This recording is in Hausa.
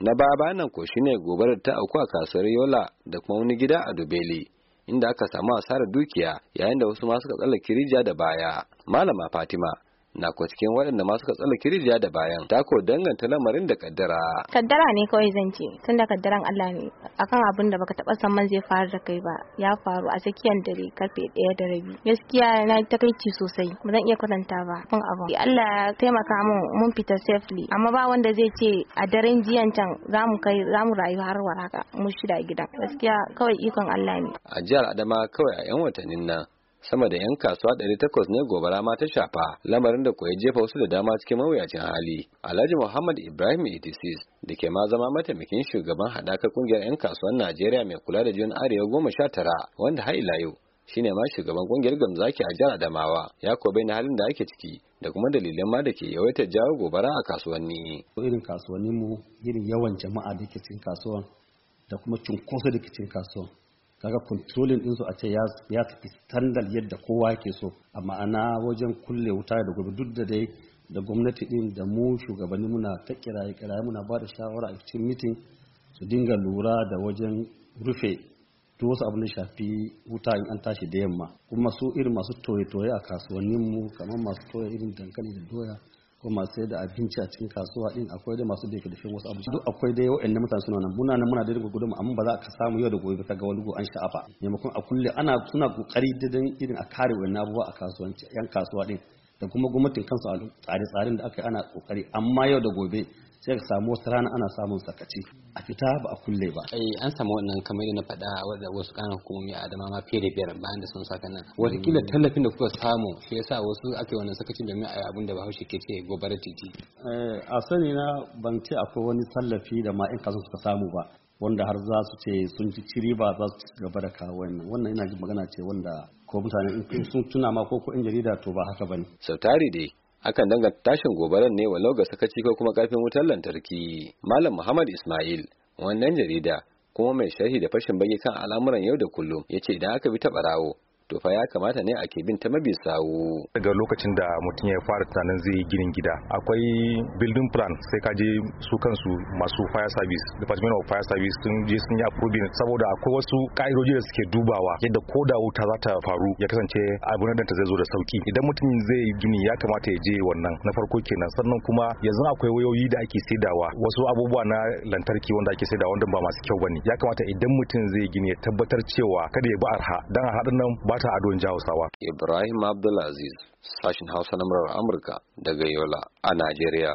na baba nan ko shine gobarar ta auku a kasuwar yola da kuma wani gida a dubeli inda aka samu asarar dukiya yayin da wasu ma suka tsallake rijiya da baya malama fatima na ko cikin waɗanda ma suka tsala kirjiya da bayan ta ko danganta lamarin da kaddara kaddara ne kawai zan ce tunda kaddaran Allah ne akan abin da baka taba san man zai faru da kai ba ya faru a tsakiyar dare karfe ɗaya da rabi gaskiya na takaici sosai ba zan iya kwatanta ba mun abu Allah ya taimaka mun mun fita safely amma ba wanda zai ce a daren jiyan can zamu kai zamu rayu har waraka mu shida gidan gaskiya kawai ikon Allah ne a jihar Adama kawai a 'yan watannin nan sama da 'yan kasuwa 800 ne gobara ma ta shafa lamarin da kuwa jefa wasu da dama cikin mawuyacin hali alhaji muhammad ibrahim 86 da ke ma zama mataimakin shugaban hadakar ƙungiyar 'yan kasuwan najeriya mai kula da jiyon arewa goma sha tara wanda har ila yau shine ma shugaban kungiyar gamzaki a jihar adamawa ya ko na halin da ake ciki da kuma dalilan ma da ke yawaitar jawo gobara a kasuwanni irin kasuwanni mu irin yawan jama'a da ke cikin kasuwan da kuma cunkoso da ke cikin kasuwan kaga controlling su a ce ya fi standard yadda kowa ke so a ma'ana wajen kulle wuta da gobe duk da dai da gwamnati din da mu shugabanni muna ta kiraye kiraye muna ba da shawara a cikin mitin su dinga lura da wajen rufe duk wasu abin shafi wuta in an tashi da yamma kuma su irin masu toye-toye a kasuwanninmu kamar masu toye irin dankali da doya ko masu sai da abinci a cikin kasuwa din akwai dai masu da kafin wasu abu. duk akwai dai waɗannan mutane suna nan muna nan muna da gudu amma ba za ka samu yau da gobe ka ga wani go an sha'afa maimakon a kulle ana suna kokari da irin a kare wannan abubuwa a kasuwanci yan kasuwa din da kuma gwamnatin kansu a tsare-tsaren da aka yi ana kokari amma yau da gobe sai ka samu wasu rana ana samun sakaci a fita ba a kulle ba eh, an samu wannan kamar na faɗa wadda wasu kan hukumomi a adama ma fiye da biyar bayan da sun saka nan wataƙila tallafin da kuka samu shi sa wasu ake wannan sakacin domin a abin da bahaushe ke ce gobara titi eh, a sani na ban ce akwai wani tallafi da ma in suka samu ba wanda har za su ce sun ci ciri ba za su ci gaba da kawo wannan wannan ina magana ce wanda ko mutane sun tuna ma ko in jarida to ba haka bane sau tari dai akan danganta tashin gobarar ne wa ga sakaci ko kuma karfin wutar lantarki malam muhammad ismail wannan jarida kuma mai sharhi da fashin bage kan al'amuran yau da kullum ya ce idan aka bi ta barawo to fa ya kamata ne ake bin ta mabi sawu daga lokacin da mutum ya fara tunanin zai ginin gida akwai building plan sai ka je su kansu masu fire service department of fire service sun je sun yi approving saboda akwai wasu ka'idoji da suke dubawa yadda ko da wuta za ta faru ya kasance abin da ta zai zo da sauki idan mutum zai gini ya kamata ya je wannan na farko kenan sannan kuma yanzu akwai wayoyi da ake saidawa wasu abubuwa na lantarki wanda ake saidawa wanda ba masu kyau bane ya kamata idan mutum zai gini ya tabbatar cewa kada ya bi arha dan a haɗin nan ba gabata a don hausawa ibrahim abdulaziz sashin hausa na murar amurka daga yola a najeriya